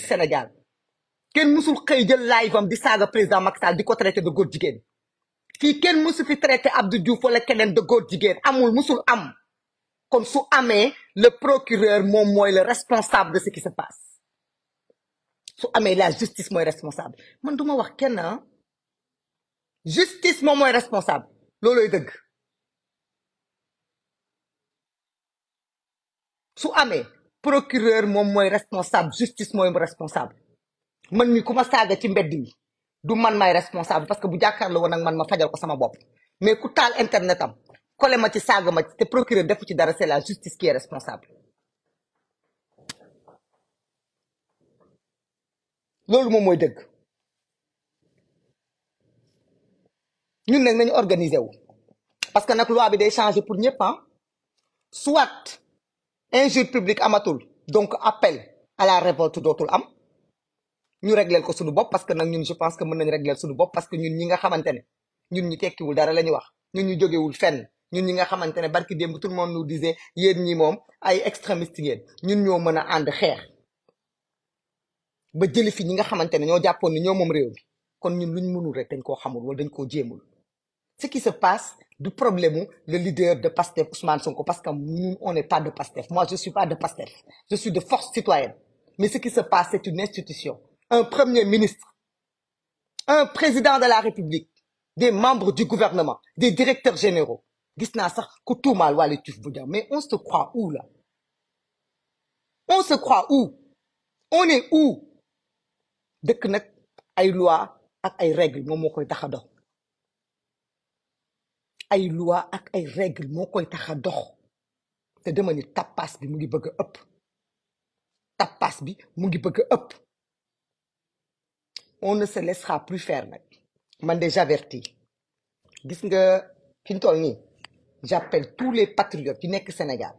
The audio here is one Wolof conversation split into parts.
Sénégal kenn mësul xëy jël live am di saaga président Macky di ko traité de góor jigéen fii kenn mësu fi traité Abdou Diouf wala keneen de góor jigéen amul mësul am kon su amee le procureur moom mooy le responsable de ce qui se passe su amee la justice mooy responsable man du ma wax kenn ah. justice moom mooy responsable looloy dëgg su amee procureur moom mooy responsable justice mooy responsable man mi ku ma saaga ci mbedd mi du man maay responsable parce que bu jàkkaarloo woon ak man ma fajal ko sama bopp mais ku taal internet am kole ma ci saaga ma ci te procureur defu ci dara c'est la justice qui est responsable loolu moom mooy dëgg ñun nag nañu organiser parce que nag loi bi day changer pour ñëpp ah. soit injure publique amatul donc appel a la révolte dootul am ñu régleel ko suñu bopp parce que nag ñun je pense que mën nañ régleel suñu bopp parce que ñun ñi nga xamante ne ñun ñu tekkiwul dara la ñuy wax ñun ñu jógewul fenn ñun ñi nga xamante ne barki démb tout le monde nous disait yéen ñi moom ay extrémiste ngeen ñun ñoo mën a ànd xeex ba jëli fi ñi nga xamante ne ñoo jàppoon ne ñoo moom réew mi kon ñun luñ mënul rek dañ koo xamul wala dañ koo jéemul ce qui se passe du problème le leader de PASTEF Ousmane Sonko parce que on n'est pas de PASTEF moi je suis pas de PASTEF je suis de force citoyenne mais ce qui se passe c'est une institution un premier ministre un président de la République des membres du gouvernement des directeurs généraux gis naa sax ku tuumaal Waly Diouf Bodiang mais on se croit où on se où on est où dëkk nag ay loi ak ay règles moom moo koy tax a dox ay loi ak ay règle moo koy tax a dox te dama ni tappaas bi mu ngi bëgg a ëpp bi mu ngi bëgg ëpp on ne se laissera plus fair nag man de j'avertis gis nga fi ñu toll nii j'appelle tous les patriotes yu nekk Sénégal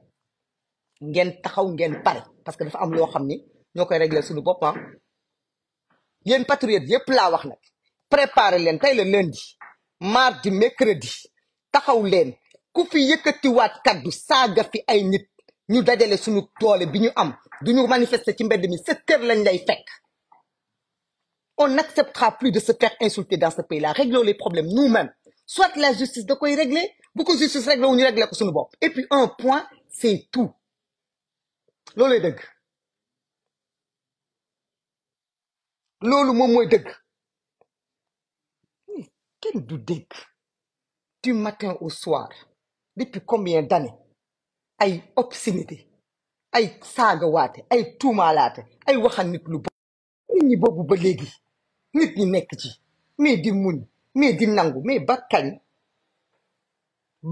ngeen taxaw ngeen pare parce que dafa am loo xam ni ñoo koy régler suñu bopp ah yéen patriotes yépp wax nag préparer leen tey la lundi mardi mercredi taxaw leen ku fi yëkkatiwaat kaddu saaga fi ay nit ñu dajale suñu doole bi ñu am du ñu manifester ci mbedd mi sa kër lañ lay fekk on n'acceptera plus de se faire insulter dans ce pays là réglons les problèmes nous-mêmes soit la justice da koy régler bu ko justice réglé wu ñu réglé ko suñu bopp et puis un point c'est tout loolooy dëgg loolu moom mooy dëgg kenn du dëgg du matin au soir depuis combien d'années ay obscénité ay saagawaate ay tuumaalaate ay waxanit nit lu boobu ba léegi nit ñi nekk ci mais di muñ mais di nangu mais ba kañ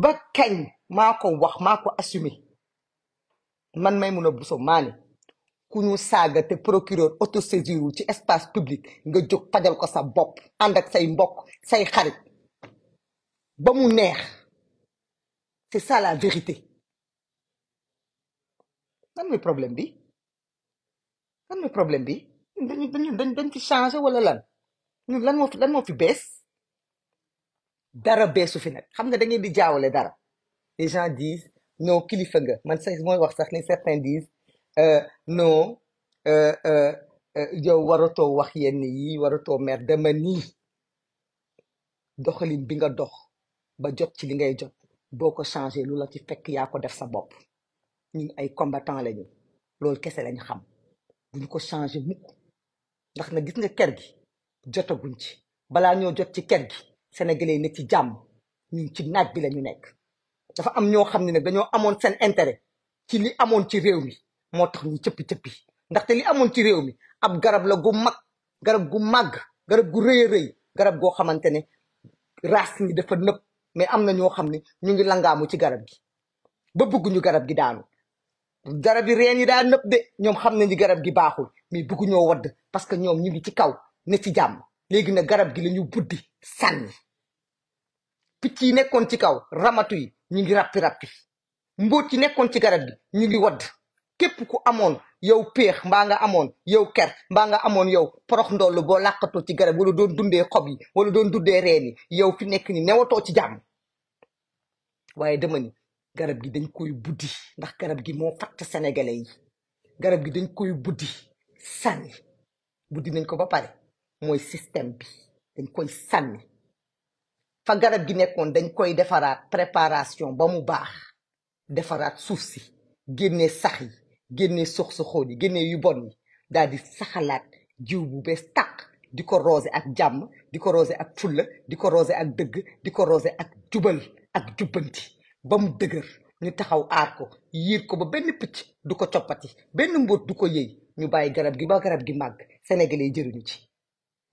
ba kañ maa ko wax maa ko assumé man may mun a buso maa ku ñu saaga te procureur autosaisir wu ci espace public nga jóg fajal ko sa bopp ànd ak say mbok say xarit ba neex c'est ça la vérité lan mooy problème bi lan mooy problème bi dañu dañ dañ fi changé wala lan ñun moo fi bes dara beesu fi nag xam nga da ngeen di jaawale dara les gens disent non kilifa nga man sax mooy wax sax ni certains disent euh, non euh, euh, yow waratoo wax yenn yi waratoo mer dama nii doxalin bi nga dox ba jot ci li ngay jot boo ko changé lu la ci fekk yaa ko def sa bopp ñun ay combattant lañu loolu kese lañ xam duñu ko changé mukk ndax na gis nga kër gi jotaguñ ci balaa ñoo jot ci kër gi sénégalais ne ci jàmm ñun ci naaj bi la ñu nekk dafa am ñoo xam ne nag dañoo amoon seen intérêt ci li amoon ci réew mi moo tax ñu cëpp cëppi ndaxte li amoon ci réew mi ab garab la gu mag garab gu màgg garab gu rëy rëy garab goo xamante ne raas mi dafa nëpp mais am na ñoo xam ne ñu ngi langaamu ci garab gi ba bëgguñu garab gi daanu garab yi reen yi daa nëpp de ñoom xam nañu garab gi baaxul mais bëgguñoo wadd parce que ñoom ñu ngi ci kaw ne ci jàmm léegi nag garab gi lañu ñu buddi sànni picc yi nekkoon ci kaw ramatu yi ñu ngi rappi rappi mbóot yi nekkoon ci garab gi ñu ngi wadd képp ku amoon yow peex mbaa nga amoon yow ker mbaa nga amoon yow porox ndollu boo làqatoo ci garab wala doon dundee xob yi wala doon dundee reen yi yow fi nekk ni newatoo ci jàmm waaye dama ni garab gi dañ koy buddi ndax garab gi moo fàtte sénégalais garab gi dañ koy buddi sànni buddi nañ ko ba pare mooy système bi dañ koy sànni fa garab gi nekkoon dañ koy defaraat préparation ba mu baax defaraat suuf si génnee sax yi génne sox soxoon yi génne yu bon yi daal di saxalaat jiw bu bees tàq di ko roose ak jàmm di ko roose ak fulla di ko roose ak dëgg di ko roose ak jubal ak jubbanti ba mu dëgër ñu taxaw aar ko yiir ko ba benn picc du ko coppati benn mbóot du ko yëy ñu bàyyi garab gi ba garab gi màgg sénégalais jëriñu ci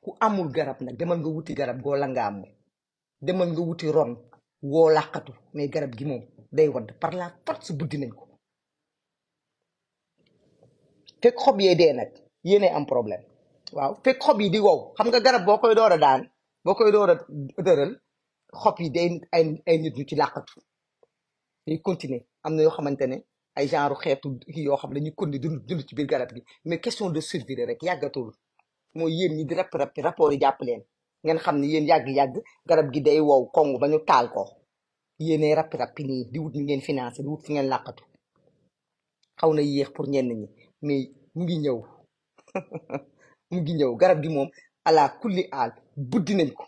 ku amul garab nag demal nga wuti garab goo la am demal nga wuti ron woo làqatu mais garab gi moom day wadd par la force buddi nañ ko fekk xob yee dee nag yéenay am problème waaw fekk xob yi di wow xam nga garab boo koy door a daan boo koy door a xob yi day ay ay nit ñu ci làqatu day continuer am na yoo xamante ne ay genre xeetu yoo xam ne dañuy continuer dund dund ci biir garab gi mais question de survie rek yàggatul mooy yéen ñi di rap rap rapport jàpp leen ngeen xam ne yéen yàgg-yàgg garab gi day wow kongu ba taal ko yéenay rap rap nii di wut ñu ngeen financé di wut fi ngeen làqatu xaw na yéex pour ñenn ñi mais mu ngi ñëw mu ngi ñëw garab gi moom ala kulli aal buddi nañ ko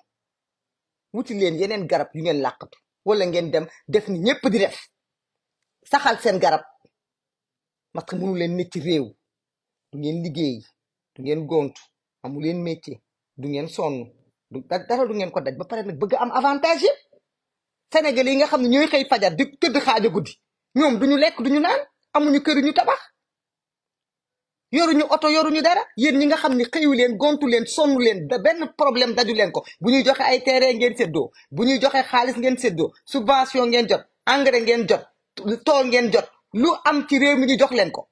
wuti leen yeneen garab yu ngeen làqatu wala ngeen dem def ni ñépp di def saxal seen garab parce que mënu leen ne ci réew du ngeen liggéey du ngeen gontu amu leen métier du ngeen sonn du dara du ngeen ko daj ba pare nag bëgg am avantage yëpp Sénégal yi nga xam ne ñooy xëy fajar di tëdd xaaja guddi ñoom duñu lekk duñu naan amuñu kër ñu tabax yoruñu oto yoruñu dara yéen ñi nga xam ni xëyu leen gontu leen sonn leen da benn problème daju leen ko bu ñuy joxe ay terrain ngeen séddoo bu ñuy joxe xaalis ngeen séddoo subvention ngeen jot engrais ngeen jot tool ngeen jot lu am ci réew mi ñu jox leen ko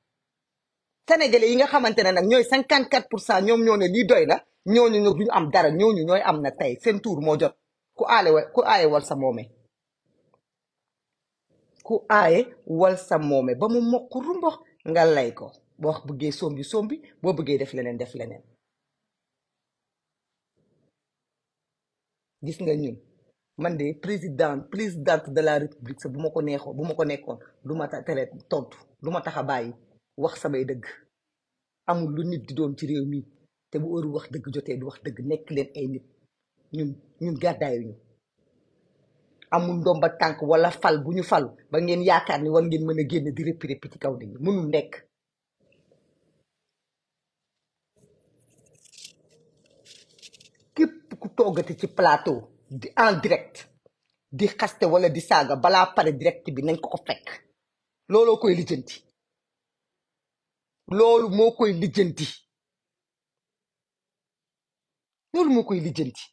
sénégalais yi nga xamante ne nag ñooy cinquante quatre pour cent ñoom ñoo ne lii doy na ñooñu ño duñu am dara ñooñu ñooy am na tey seen tuur moo jot ku aale wa ku aaye wal sa moome ku aaye wal sa moome ba mu mokk rumbox nga ko boo bëggee sombi sombi boo bëggee def leneen def leneen gis nga ñun man de président présidente de la république sa bu ma ko neexoon bu ma ko nekkoon du ma tere tontu du ma tax a bàyyi wax samay dëgg amul lu nit di doon ci réew mi te bu ëru wax dëgg jotee du wax dëgg nekk leen ay nit ñun ñun gàddaayuñu amul ndomba tànk wala fal bu ñu fal ba ngeen yaakaar ni war ngeen mën a génn di réppi réppi ci kaw nit ñi mënul nekk képp ku toogati ci plateau di en di xaste wala di saaga balaa pare direct bi nañ ko ko fekk looloo koy lijjanti loolu moo koy lijjanti loolu moo koy lijjanti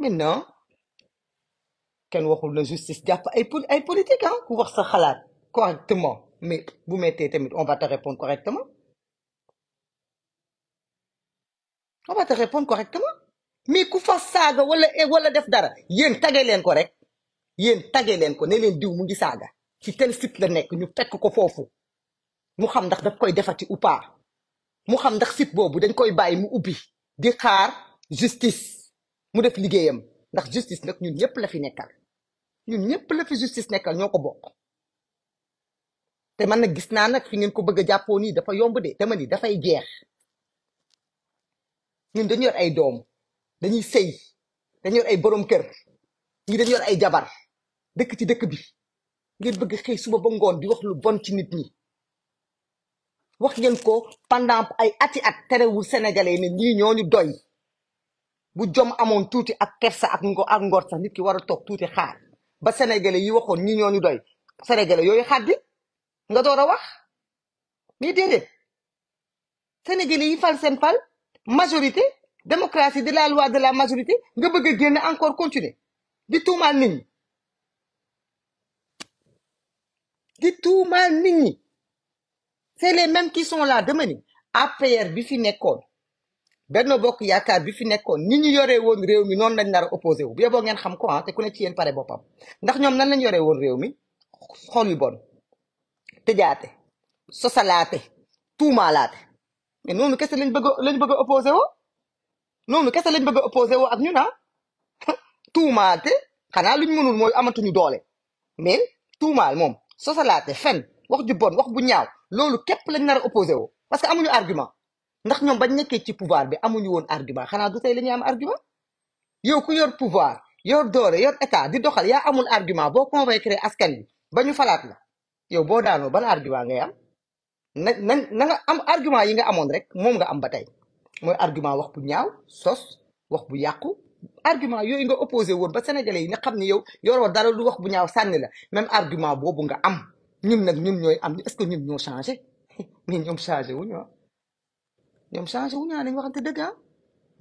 maintenant kenn waxu na justice jàpp ay politique ah ku wax sa xalaat correctement mais bu mettee tamit on va te répondre correctement mais ku fa saaga wala eh, wala def dara yéen tage leen ko rek yéen tage leen ko ne leen diw mu ngi saaga ci tel site la nekk ñu fekk ko foofu mu xam ndax daf koy defati ou pas mu xam ndax sit boobu dañ koy bàyyi mu ubbi di xaar justice mu def liggéeyam ndax justice nag ñun ñëpp la fi nekkal ñun ñëpp la fi justice nekkal ñoo ko bokk te man nag gis naa nag fi ngeen ko bëgg a jàppoo nii dafa yomb de dama ni dafay jeex ñun dañu yor ay doom dañuy sëy dañu yor ay borom kër ñii dañu yor ay jabar dëkk ci dëkk bi ngeen bëgg xëy suba ba ngoon di wax lu bon ci nit ñi wax ngeen ko pendant ay ati at terewul sénégalais ne ñii ñooñu doy bu jom amoon tuuti ak kersa ak ngo ak ngor nit ki war a toog tuuti xaar ba sénégalais yi waxoon ñii ñooñu doy sénégalais yooyu xaddi nga door a wax mais déedéet sénégalais yi fal seen fal majorité démocratie de la loi de la majorité nga bëgg a génn encore continuer di tuumaal nit ñi di tuumaal nit ñi c'est les mêmes qui sont là dama ni APR bi fi nekkoon Benno Bokk Yaakaar bi fi nekkoon nit ñi yore woon réew mi noonu lañ nar a opposé wu bu yeboo ngeen xam ko ah ku ne ci yéen pare boppam ndax ñoom nan lañ yore woon réew mi xol yu bon tëjaate sosalaate tuumaalaate mais noonu kese lañ bëgg opposé woo noonu kese lañ bëgg a opposé wo ak ñu ñun ah tuumaate xanaa luñ mënul mooy amatuñu doole mais tuumaal moom sosalaate fen wax ju bon wax bu ñaaw loolu képp lañ nar a opposé woo parce que amuñu argument ndax ñoom bañ nekkee ci pouvoir bi amuñu woon argument xanaa du tey la ñuy am argument yow ku yor pouvoir yor doole yor état di doxal yaa amul argument boo convaincre askan bi ba ñu falaat la yow boo daanoo ban argument ngay am na na na am argument yi nga amoon rek moom nga am ba tey mooy argument wax bu ñaaw sos wax bu yàqu argument yooyu nga opposé woon ba sénégalais yi nga xam ne yow yoroo dara lu wax bu ñaaw sànni la même argument boobu nga am ñun nag ñun ñooy am est-ce que ñun ñoo changé mais ñoom changé wuñu ah ñoom changé wuñu ah nañ waxante dëgg ah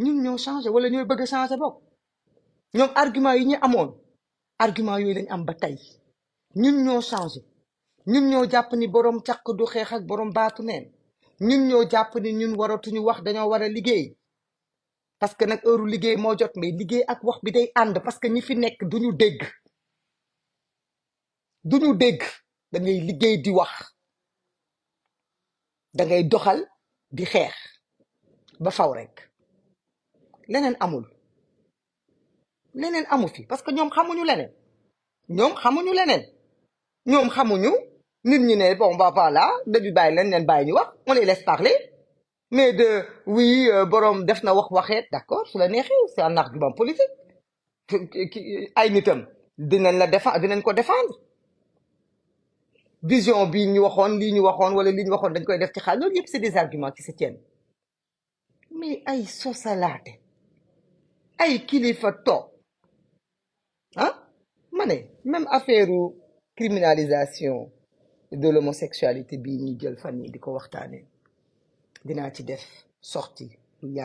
ñun changé wala ñooy bëgg a changé bopp ñoom argument yi ñu amoon argument yooyu lañ am ba tey ñun ñoo changé ñun ñoo jàpp ni borom caq du xeex ak borom baatu neen ñun ñoo jàpp ni ñun waratuñu wax dañoo war a liggéey parce que nag heure liggéey moo jot mais liggéey ak wax bi day ànd parce que ñi fi nekk duñu dégg duñu dégg da ngay liggéey di wax da ngay doxal di xeex ba faw rek leneen amul leneen amu fi parce que ñoom xamuñu leneen ñoom xamuñu leneen ñoom xamuñu nit ñi ne bon bah voilà début bàyyi leen leen ñu wax on les laisse mais de oui euh, borom def na wax waxeet d'accord su la neexee c'est un argument politique ay nitam dinañ la défendre dinañ ko défendre vision bii ñu waxoon lii ñu waxoon wala lii ñu waxoon dañ koy def ci xaal loolu yëpp c'est des arguments qui se tiennent mais ay sosalaate ay kilifa toog ah ma ne même affaire criminalisation de l'homosexualité bii ñu jël fan di ko waxtaanee dinaa ci def sortie lu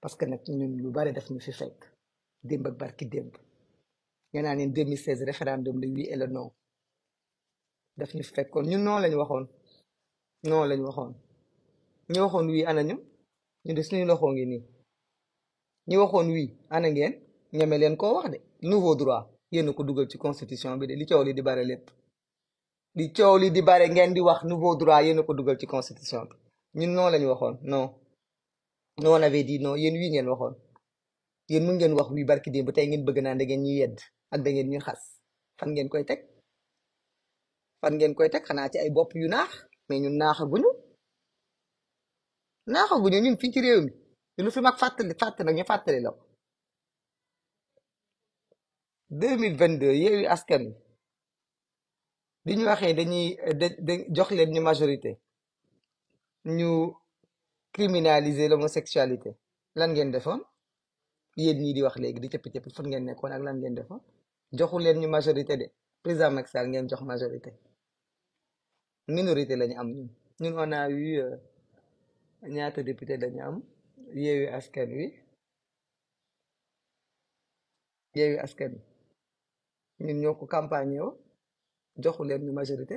parce que nag ñun lu bari daf ñu fi fekk démb ak barki démb ñu naa neen 2016 référendum de oui et le non daf fekkoon ñun noonu lañu waxoon noonu lañu waxoon ñu waxoon oui ana ñu ñu de suñu loxo ngi nii ñu waxoon oui ana ngeen ñeme leen koo wax de nouveau droit yéen ko dugal ci constitution bi de li coow li di bare lépp di coow lii di bare ngeen di wax nouveau droit yéen ko dugal ci constitution bi ñun noonu la ñu waxoon non non on avait dit non yéen wii ngeen waxoon yéen mun ngeen wax wii barki démb tey ngeen bëgg naan da ngeen ñu yedd ak da ngeen ñuy xas fan ngeen koy teg fan ngeen koy teg xanaa ci ay bopp yu naax mais ñun naaxaguñu naaxaguñu ñun fii ci réew mi ñun fi mag fàttali fàttali nag ñu fàttali la ko 2022 Askan Wi di ñu waxee dañuy da jox leen ñu majorité ñu criminaliser l'homosexualité lan ngeen defoon yéen ñii di wax léegi di cëppi cëppi fan ngeen nekkoon ak lan ngeen defoon joxu leen ñu majorité de présent Macky Sall ngeen jox majorité minorité lañu am ñun ñun on a euh, ñaata député dañu am yeewi askan wi yeewi askan wi ñun ñoo ko campagne joxu leen ñu majorité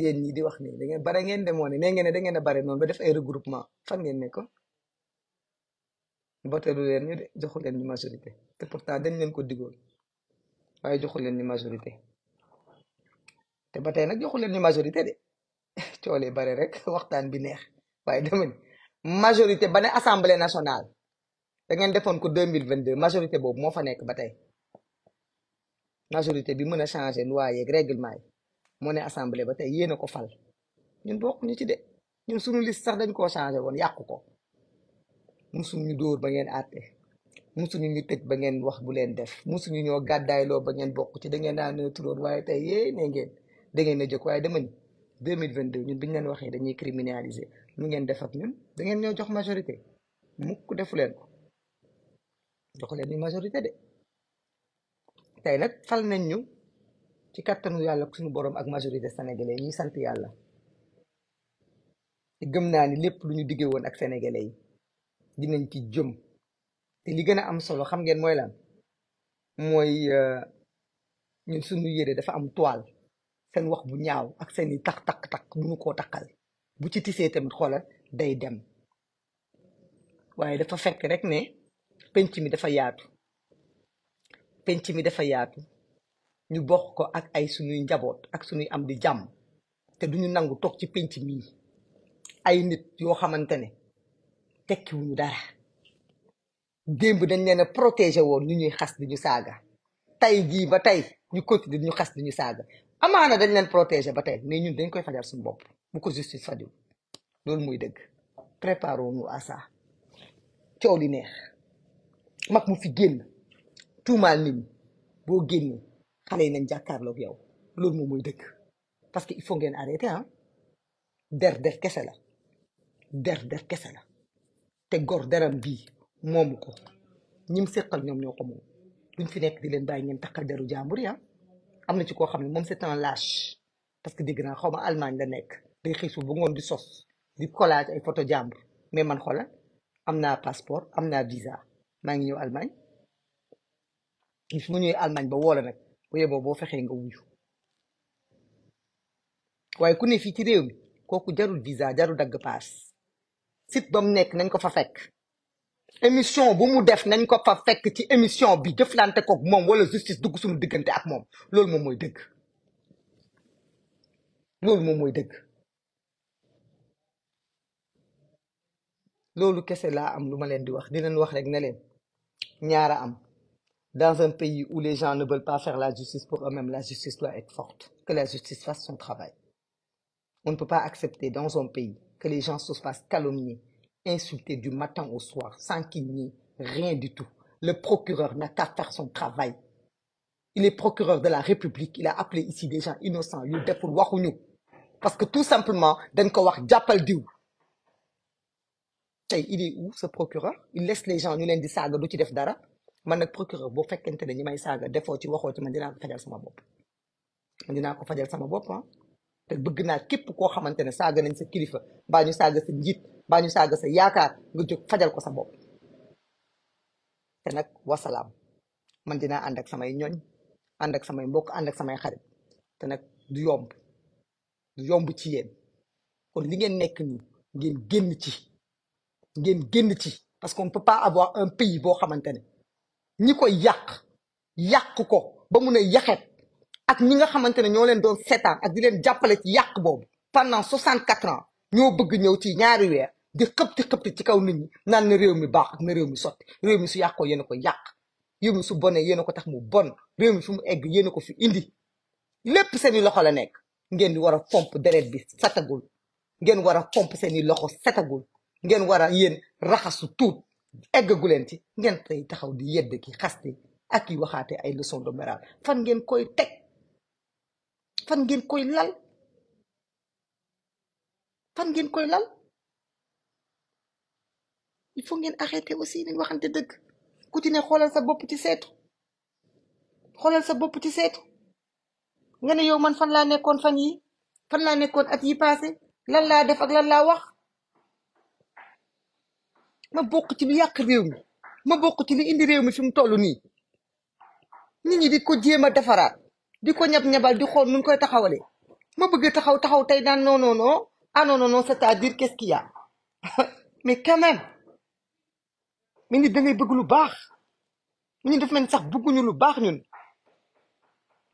yéen ñi di wax nii da ngeen bare ngeen demoon ne nee ngeen da ngeen a bare noonu ba def ay regroupement fa ngeen nekkoon voteelu leen ñu de joxu leen ñu majorité te dañ leen ko digoon waaye joxu leen ñu majorité te ba tey nag joxu leen ñu majorité de coolee bare rek waxtaan bi neex waaye dama ne majorité ba ne assemblée nationale da ngeen defoon ko deux mille vingt majorité boobu moo fa nekk ba tey. majorité bi mën a changer loi yeeg règlement yi moo ne assemblée ba te yéen ko fal ñun bokk ñu ci de ñun suñu liste sax dañ koo changé woon yàqu ko musuñu dóor ba ngeen àtte musuñu ñu tëj ba ngeen wax bu leen def musuñu ñoo loo ba ngeen bokk ci dangeen ngeen daan ne waaye tey yée ne ngeen da ngeen a jóg waaye dama ni 2022 ñun bi ñu leen waxee dañuy criminaliser lu ngeen def ak ñun da ngeen ñoo jox majorité mukk defu leen ko tey nag fal nañ ñu ci kattanu yàlla suñu borom ak majorité sénégalais ñuy sant yàlla te gëm naa ni lépp lu ñu diggee woon ak sénégalais dinañ ci jëm te li gën a am solo xam ngeen mooy lan mooy euh, ñun suñu yére dafa am toile seen wax bu ñaaw ak seen i tax tak tak munu koo takkal bu ci tisee tamit xoolal day dem waaye dafa fekk rek ne penc mi dafa yaatu penc mi dafa yaatu ñu bokk ko ak ay suñuy njaboot ak suñuy am di jàmm te duñu nangu toog ci penc mii ay nit yoo xamante ne tekkiwuñu dara démb dañ leen a protégé woon ñu ñuy xas di ñu saaga tey jii ba tey ñu continuer ñu xas di ñu saaga amaana dañ leen protégé ba tey mais ñun dañ koy fajal suñu bopp bu ko justice fajul loolu muy dëgg préparons-nous à ça coow li neex mag mu fi génn tuumaal nit ñi boo génnee xale na nañ jàkkaarloog yow loolu moom mooy dëkk parce que il faut ngeen arrêté ah der der kese la der der kese te gor dara bii moom ko ñim séqal ñoom ñoo ko moom duñ fi nekk di leen bàyyi ngeen takkal deru jàmbur ya ah. am na ci koo xam ne moom c'est un lâche parce que dégg naa xaw ma Allemagne la nekk day xiisu bu ngoon di sos di collage ay photo jàmbur mais man xoolal am naa passeport am naa visa maa ngi ñëw Allemagne bis mu ñëwee Allemagne ba woole nag bu yeboo boo fexee nga wuyu waaye ku ne fii ci réew mi kooku jarul visa jarul dagg paas site ba mu nekk nañ ko fa fekk émission bu mu def nañ ko fa fekk ci émission bi jëflante koog moom wala justice dugg suñu diggante ak moom loolu moom mooy dëgg loolu moom mooy dëgg loolu kese laa am lu ma leen di wax di leen wax rek ne leen ñaara am dans un pays où les gens ne veulent pas faire la justice pour eux-mêmes, la justice doit être forte, que la justice fasse son travail. On ne peut pas accepter dans un pays que les gens se fassent calomnier, insulter du matin au soir, sans qu'il n'y ait rien du tout. Le procureur n'a qu'à faire son travail. Il est procureur de la République, il a appelé ici des gens innocents, yu deful waxuñu parce que tout simplement dañ ko wax jàppal diw tey il est où ce procureur il laisse les du ci def dara man nag procureur boo fekkente ne ñi may saaga defoo ci waxoo ci man dinaa ko fajal sama bopp man dinaa ko fajal sama bopp ah te bëgg naa képp koo xamante ne saaga nañ sa kilifa mbaa ñu saaga sa saaga sa yaakaar nga jóg fajal ko sa bopp te nag wasalaam man dinaa ànd ak samay ñoñ ànd ak samay mbokk ànd samay xarit te nag du yomb du yomb ci yéen kon li ngeen nekk nii ngeen génn ci ngeen génn ci parce que ne avoir un pays boo xamante ne ñi koy yàq yàq ko ba mu ne yaxet ak ñi nga xamante ne ñoo leen doon seetaan ak di leen jàppale ci yàq boobu pendant soixante quatre ans ñoo bëgg ñëw ci ñaari weer di xëpti xëpti ci kaw nit ñi naan na réew mi baax ak ne réew mi sotti réew mi su yàqoo yéen a ko yàq réew mi su bone yéen ko tax mu bon réew mi fi mu egg yéen ko fi indi lépp seeni loxo la nekk ngeen di war a pomp deret bi setagul ngeen war a pomp seeni loxo setagul ngeen war a yéen raxasu tuut eggagu leen ci ngeen tey taxaw di yedd ki xaste ak yi waxaate ay leçon de morale fan ngeen koy teg fan ngeen koy lal fan ngeen koy lal il faut ngeen arrêter aussi nañ waxante dëgg ku ci ne xoolal sa bopp ci seetu xoolal sa bopp ci seetu nga ne yow man fan laa nekkoon fan yi fan laa nekkoon at yi lan laa def ak lan laa wax ma bokk ci lu yàq réew mi ma bokk ci lu indi réew mi fi mu toll nii nit ñi di ko jéem a defaraat di ko ñab-ñabal di xool nu koy taxawale ma bëgg taxaw taxaw tey naan non non non ah non non c'est-à-dire qu'est-ce qu'il y a mais quand même mais nit da lu baax ñun dafa mel ni sax bëgguñu lu baax ñun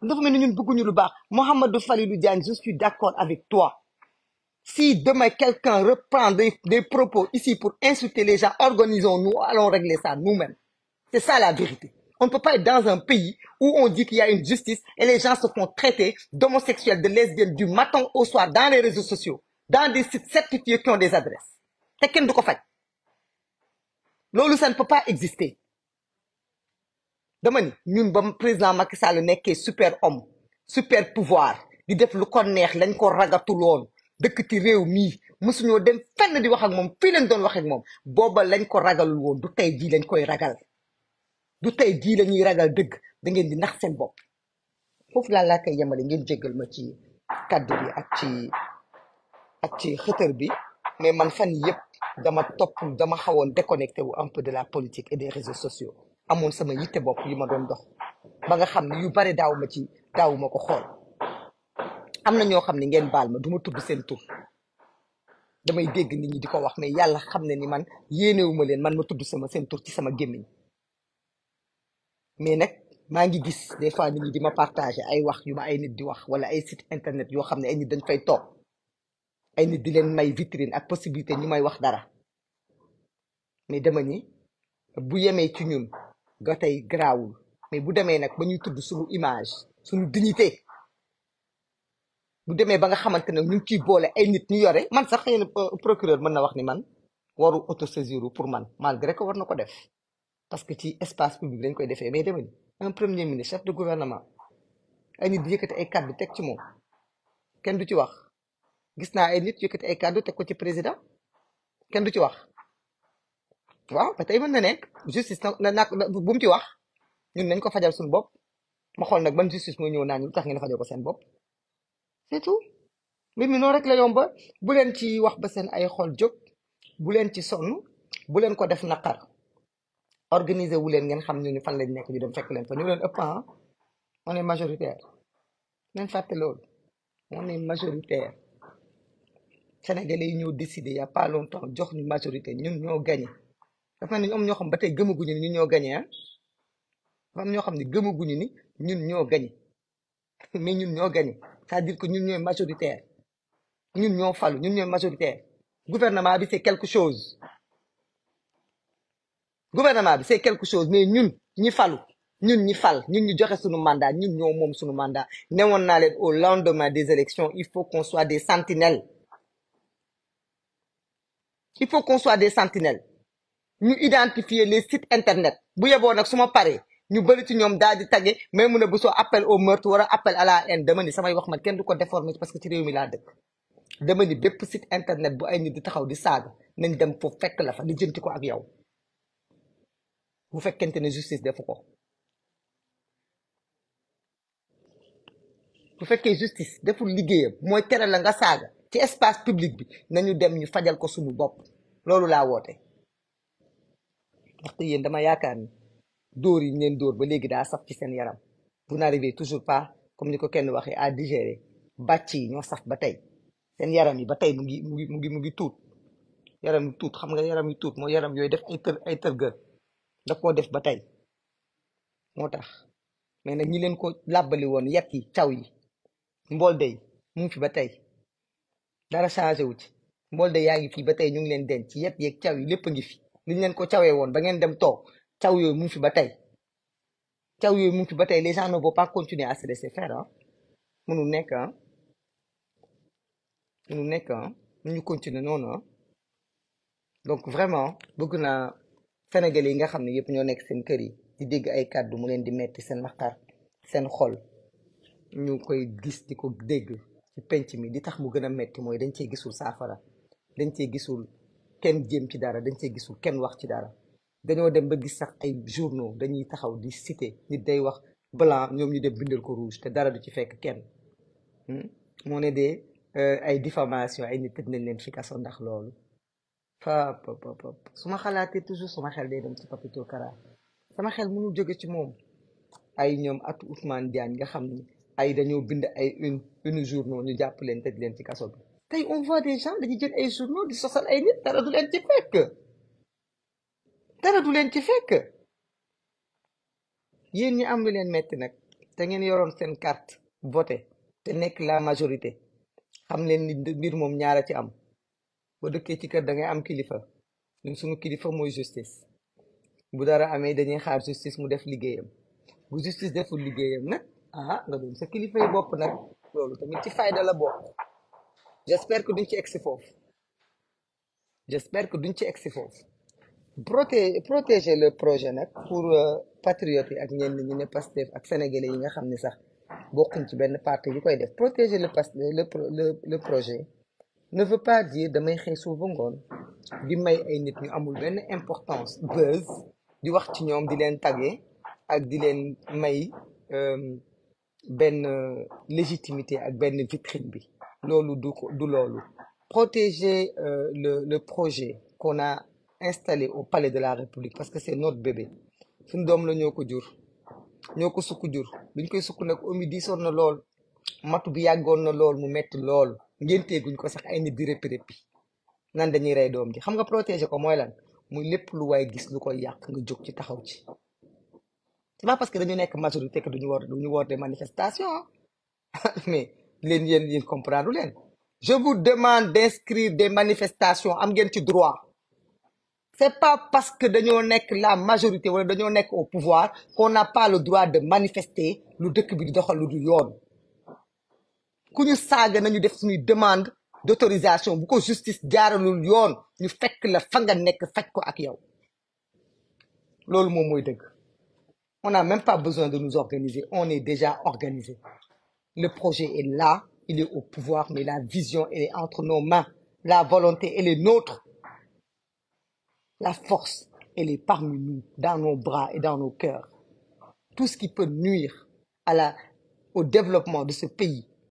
dafa mi ni ñun bëgguñu lu baax Mouhamadou Falilou Diagne je suis d'accord avec toi Si demain quelqu'un reprend des, des, propos ici pour insulter les gens, organisons-nous, allons régler ça nous-mêmes. C'est ça la vérité. On ne peut pas être dans un pays où on dit qu'il y a une justice et les gens se font traiter d'homosexuels, de lesbiennes, du matin au soir dans les réseaux sociaux, dans des sites certifiés qui ont des adresses. C'est quelqu'un de fait. loolu ça ne peut pas exister dama ni ñun ba président Macky Sall nekkee super homme super pouvoir di def lu neex lañ ko ragatuloon dëkk ci réew mii mësuñoo dem fenn di wax moom fii lañ doon wax ak moom booba lañ ko ragalul woon du tey jii lañ koy ragal du tey jii lañuy ñuy ragal dëgg dangeen di nax seen bopp foofu laa laa koy yemale ngeen jéggal ma ci kàddu bi ak ci ci xëtër bi mais man fan yëpp dama topp dama xawoon déconnecté wu un peu de la politique et des réseaux sociaux amoon sama yitte bopp yi ma doon dox ba nga xam ne yu bare daaw ci daaw ko xool am na ñoo xam ne ngeen baal ma du ma tudd seen tur damay dégg nit ñi di ko wax mais yàlla xam ne ni man yéenewuma leen man ma tudd sama seen tur ci sama gémmiñ mais nag maa ngi gis des fois nit ñi di ma partager ay wax yu ma ay nit di wax wala ay site internet yoo xam ne ay nit dañ fay toog ay nit di leen may vitrine ak possibilité ñu may wax dara mais dama ni bu yemee ci ñun ga tey garaawul mais bu demee nag ba ñuy tudd suñu image suñu dignité bu demee ba nga xamante ne ñu ngi ciy boole ay nit ñu yore man sax yéen euh, procureur mën na wax ni man waru autosaisir pour man malgré que war na ko def parce que ci espace public dañ koy defee mais dama ni un premier ministre chef de gouvernement ay nit di yëkkati ay kàddu teg ci moom kenn du ci wax gis naa ay nit yëkkati ay kàddu teg ko ci président kenn du ci wax waaw ba tey mën na nekk justice na na bu mu ci wax ñun nañ ko fajal suñu bopp ma xool nag ban justice mooy ñëw naa ñu lu tax ngeen fajal ko seen bopp c'est tout mbir noonu rek la yomba bu leen ci wax ba seen ay xool jóg bu leen ci sonn bu leen ko def naqar organiser wu leen ngeen xam ñooñu fan leen nekk ñu dem fekk leen fa ñu leen ëpp ah on est majoritaire nañ fàtte loolu on est majoritaire sénégalais yi ñoo décidé y ñu majorité ñun ñoo gagné dafa ne ñu ñoo xam ba tey gëmaguñu ni ñun ñoo gagné ah ñoo xam ne gëmaguñu ni ñun ñoo gagné mais ñu ñoo gagné c'est-à-dire que ñun ñooy majoritaire ñun ñoo falu ñun ñooy majoritaire gouvernement bi c'est quelque chose gouvernement bi c'est quelque chose mais ñun ñu falu ñun ñi fal ñun ñu joxe suñu mandat ñun ñoo moom suñu mandat newoon naa leen au lendemain des élections il faut qu'on soit des sentinelles il faut qu'on des sentinelles ñu identifier les sites internet bu yeboo nag su ma paree ñu bëri ci ñoom daal di tagge mais mu ne bu soo appel au meurtre wala appel à la haine dama ni samay wax man kenn du ko déformer parce que ci réew mi laa dëkk dama ni bépp site internet bu ay nit di taxaw di saaga nañ dem foofu fekk la fa di jënti ko ak yow bu fekkente ne justice defu ko bu fekkee justice deful liggéeyam mooy tere la nga saaga ci espace public bi nañu dem ñu fajal ko suñu bopp loolu laa woote ndaxte yéen dama yaakaar ni door yi ñu leen dóor ba léegi daa saf ci seen yaram vous n'arrivez toujours pas comme ni ko kenn waxee à digérer bàcc yi ñoo saf ba tey seen yaram yi ba tey mu ngi mu ngi mu ngi tuut yaram yu tuut xam nga yaram yu tuut mooy yaram yooyu def ay tër ay tërgër daf koo def ba tey moo tax mais nag ñi leen ko làbbali woon yat yi caw yi mbool dey mu fi ba tey dara changé wu ci mbool dey yaa ngi fii ba tey ñu ngi leen denc ci yat yeeg caw yi lépp a ngi fi liñ leen ko cawee woon ba ngeen dem toog caw yooyu mu fi ba tey caw yooyu mu fi ba tey les gens ne vont pas continuer à se laisser faire ah mënul nekk ah mënul nekk ñu continuer noonu donc vraiment bëgg naa Sénégalais yi nga xam ne yëpp ñoo nekk seen kër yi di dégg ay kàddu mu leen di metti seen naqar seen xol ñu koy gis di ko dégg ci penc mi di tax mu gën a metti mooy dañ cee gisul saafara dañ cee gisul kenn jéem ci dara dañ cee gisul kenn wax ci dara dañoo dem ba gis sax ay journaux dañuy taxaw di cité nit day wax blanc ñoom ñu dem bindal ko rouge te dara du ci fekk kenn hmm? moo ne de euh, ay diffamation ay nit tëj nañ leen fi kaso ndax loolu pap pap su ma xalaatee toujours sama xel day dem ci Papito Kara sama xel mënul jóge ci moom ay ñoom at Ousmane Diagne nga xam ni ay dañoo bind ay une journaux ñu jàpp leen tëj leen ci kaso bi tey on voit des gens dañuy jël ay journaux di sosal ay nit dara du leen dara du leen ci fekk yéen ñi am lu leen metti nag te ngeen yoroon seen carte voté te nekk la majorité xam leen ni mbir moom ñaar a ci am ba dëkkee ci kër da ngay am kilifa ñun suñu kilifa mooy justice bu dara amee dañuy xaar justice mu def liggéeyam bu justice deful liggéeyam nag ah nga doon sa kilifa yi bopp nag tamit ci fayda la bokk j'espère que duñ ci egsi foofu j'espère que duñ ci egsi foofu proté protéger le projet nag pour euh, patriotes yi ak ñenn ñi ne Pastef ak sénégalais yi nga xam ni sax bokkuñ ci benn parti yu koy def protéger le past le projet ne veut pas dire damay xëy suuf ba ngoon di may ay nit ñu amul benn importance buzz di wax ci ñoom di leen tagge ak di leen may euh, benn légitimité ak benn vitrine bi loolu du du loolu protéger euh, le le projet installé au palais de la république parce que c'est notre bébé suñ doom la ñoo ko jur ñoo ko sukk jur biñ koy sukku nag omi diisoon na lool matu bi woon na lool mu metti lool ngénteeguñ ko sax ay nit di rëppi rëppi nan dañuy rey doom ji xam nga protégé ko mooy lan muy lépp lu waaye gis lu koy yàq nga jóg ci taxaw ci c'est parce que dañu nekk majorité que duñu war duñu war des manifestations mais leen yéen yéen comprendre leen je vous demande d'inscrire de manifestations am ngeen ci droit c'est pas parce que dañoo nekk la majorité wala dañoo nekk au pouvoir qu'on n'a pas le droit de manifester lu dëkk bi di doxal lu du yoon ku ñu saaga nañu def suñuy demande d'autorisation bu ko justice jaaralul yoon ñu fekk la fa nga nekk faj ko ak yow loolu moom mooy dëgg on n'a même pas besoin de nous organiser on est déjà organisé le projet est là il est au pouvoir mais la vision est entre nos mains la volonté elle est nôtre La force, elle est parmi nous, dans nos bras et dans nos cœurs. Tout ce qui peut nuire à la, au développement de ce pays